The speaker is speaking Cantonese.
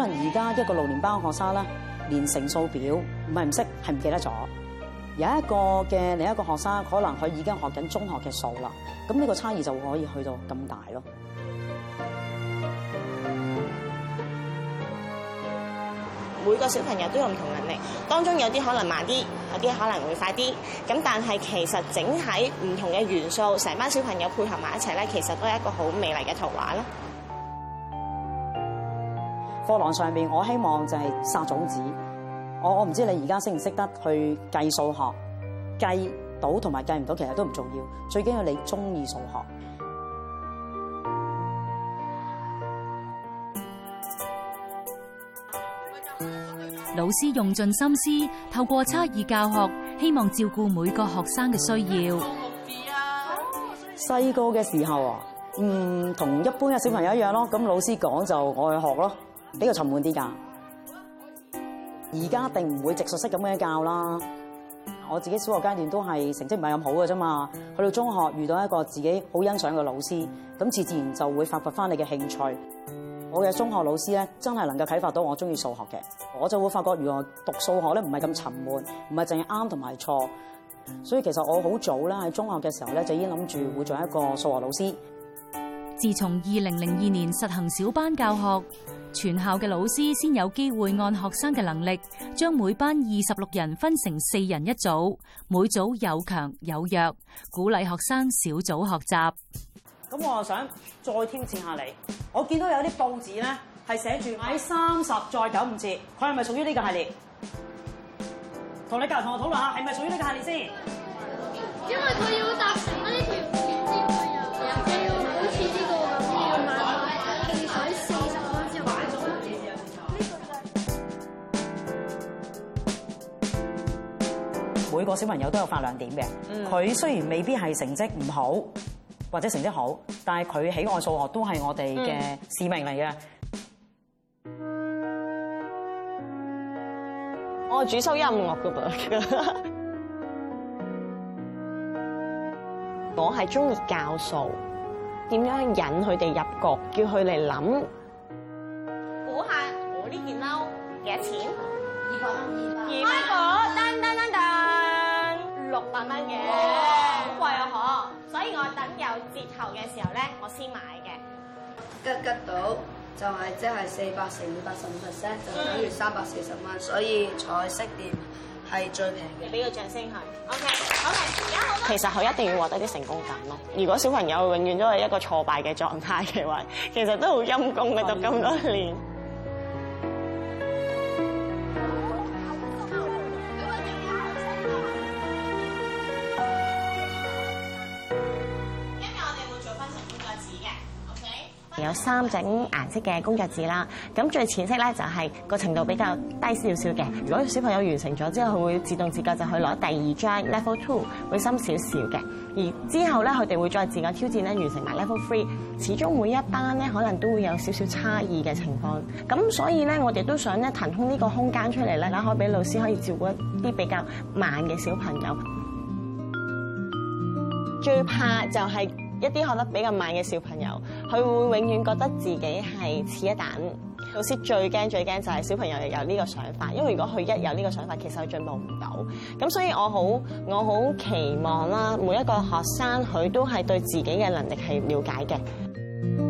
可能而家一個六年班嘅學生咧，連乘數表唔係唔識，係唔記得咗。有一個嘅另一個學生，可能佢已經學緊中學嘅數啦。咁呢個差異就可以去到咁大咯。每個小朋友都有唔同能力，當中有啲可能慢啲，有啲可能會快啲。咁但係其實整喺唔同嘅元素，成班小朋友配合埋一齊咧，其實都係一個好美麗嘅圖畫咯。波浪上面，我希望就係撒種子。我我唔知你而家識唔識得去計數學、計到同埋計唔到，其實都唔重要。最緊要你中意數學。老師用盡心思，透過差異教學，希望照顧每個學生嘅需要。細個嘅時候啊，嗯，同一般嘅小朋友一樣咯。咁老師講就我去學咯。比較沉悶啲噶，而家一定唔會直述式咁樣教啦。我自己小學階段都係成績唔係咁好嘅啫嘛，去到中學遇到一個自己好欣賞嘅老師，咁自然就會發掘翻你嘅興趣。我嘅中學老師咧，真係能夠啟發到我中意數學嘅，我就會發覺原來讀數學咧唔係咁沉悶，唔係淨係啱同埋錯。所以其實我好早咧，喺中學嘅時候咧就已經諗住會做一個數學老師。自從二零零二年實行小班教學。全校嘅老師先有機會按學生嘅能力，將每班二十六人分成四人一組，每組有強有弱，鼓勵學生小組學習。咁我又想再挑戰下你，我見到有啲報紙咧係寫住喺三十再九五折，佢係咪屬於呢個系列？同你隔籬同學討論下，係咪屬於呢個系列先？因為佢要。每個小朋友都有發亮點嘅，佢雖然未必係成績唔好或者成績好，但係佢喜愛數學都係我哋嘅使命嚟嘅。我主修音樂嘅，我係中意教數，點樣引佢哋入局，叫佢嚟諗。估下我呢件褸幾多錢？二百，二百。二百噔噔噔噔。六百蚊嘅，好哇貴啊！嗬吧，所以我等有折頭嘅時候咧，我先買嘅。吉吉到，就係即係四百乘以八十五 percent，就等於三百四十蚊，所以彩色店係最平嘅。俾個掌聲佢。O K，好嘅。其實佢一定要獲得啲成功感囉。如果小朋友永遠都係一個挫敗嘅狀態嘅話，其實都好陰功嘅。就咁多年。有三種顏色嘅工作紙啦，咁最淺色咧就係個程度比較低少少嘅。如果小朋友完成咗之後，佢會自動自覺就去攞第二張 Level Two，會深少少嘅。而之後咧，佢哋會再自我挑戰咧，完成埋 Level Three。始終每一班咧，可能都會有少少差異嘅情況。咁所以咧，我哋都想咧騰空呢個空間出嚟咧，可以俾老師可以照顧一啲比較慢嘅小朋友。最怕就係一啲學得比較慢嘅小朋友。佢會永遠覺得自己係似一蛋，老師最驚最驚就係小朋友有呢個想法，因為如果佢一有呢個想法，其實佢進步唔到。咁所以我好我好期望啦，每一個學生佢都係對自己嘅能力係了解嘅。